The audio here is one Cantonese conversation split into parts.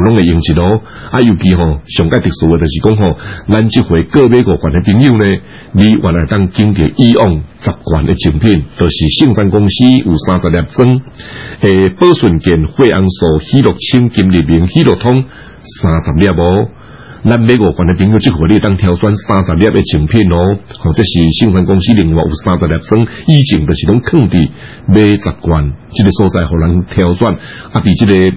攏會用子咯，啊，尤其吼上屆特殊嘅就是講吼，咱即回各買五個別國館嘅朋友呢，你原來當經到以往十罐嘅精品，都、就是聖山公司有三十粒裝係保順健、惠安素、喜樂清、金黎明、喜樂通三十粒啵。咱美國館嘅朋友即可以當挑選三十粒嘅精品咯，或者是聖山公司另外有三十粒裝，以前都是攏囥佇買十罐，即、這個所在互人挑選啊，比即、這個。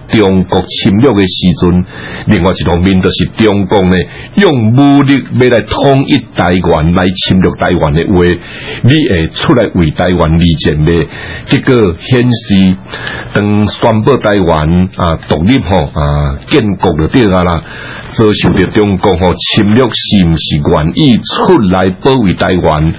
中國侵略嘅時陣，另外一方面就是中共呢，用武力買來統一台灣，來侵略台灣嘅話，你會出來為台灣立戰嘅，結果顯示當宣佈台灣獨立嗬，啊，啊建國嘅啲啦，遭受嘅中國嗬、哦、侵略是唔是願意出來保衛台灣，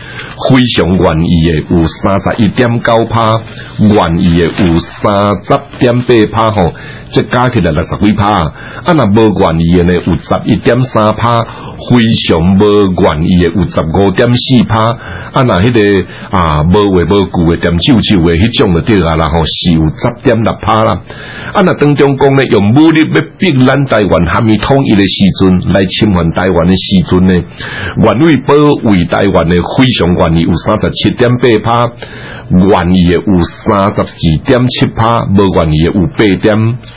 非常願意嘅有三十一點九趴，願意嘅有三十點八趴嗬。哦即加起來六十幾帕，啊！那冇願意嘅呢，有十一點三帕；非常冇願意嘅，有十五點四帕。啊！那嗰個啊，無嘢無故嘅點啾啾嘅，嗰種就對啊，然後是有十點六帕啦。啊！那當中講咧，用武力嚟逼咱台灣，係咪統一嘅時陣？來侵犯台灣嘅時陣咧，願意保衛台灣嘅非常願意，有三十七點八帕；願意嘅有三十四點七帕，冇願意嘅有八點。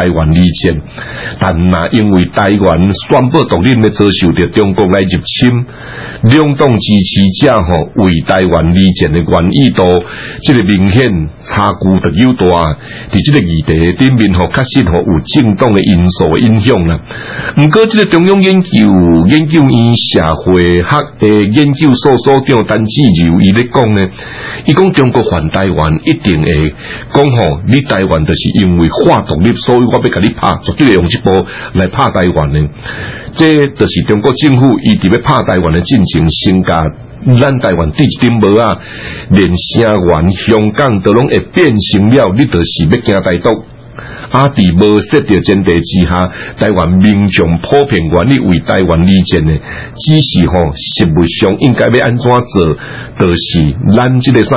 台灣而戰，但嗱，因為台灣宣布獨立，咪遭受到中國來入侵。兩黨支持者和為台灣而戰的願意度即係明顯差距特要大。而即個議題對民和確實吼有政黨嘅因素的影響啦。唔過，即個中央研究研究院社會學嘅研究所所長但係就伊咧講呢，伊講中國還台灣一定會講，吼、呃，你台灣就是因為話獨立，所以。我要甲你拍，絕對用即部來拍台灣呢。即就是中國政府，伊佇要拍台灣呢？進程，先架，咱台灣啲點帽啊？連聲援香港都攏會變形了，你就是要驚台獨。阿啲無說定前提之下，台灣民眾普遍願意為台灣而戰呢？只是吼、哦，實務上應該要安怎做？就是咱即個啥。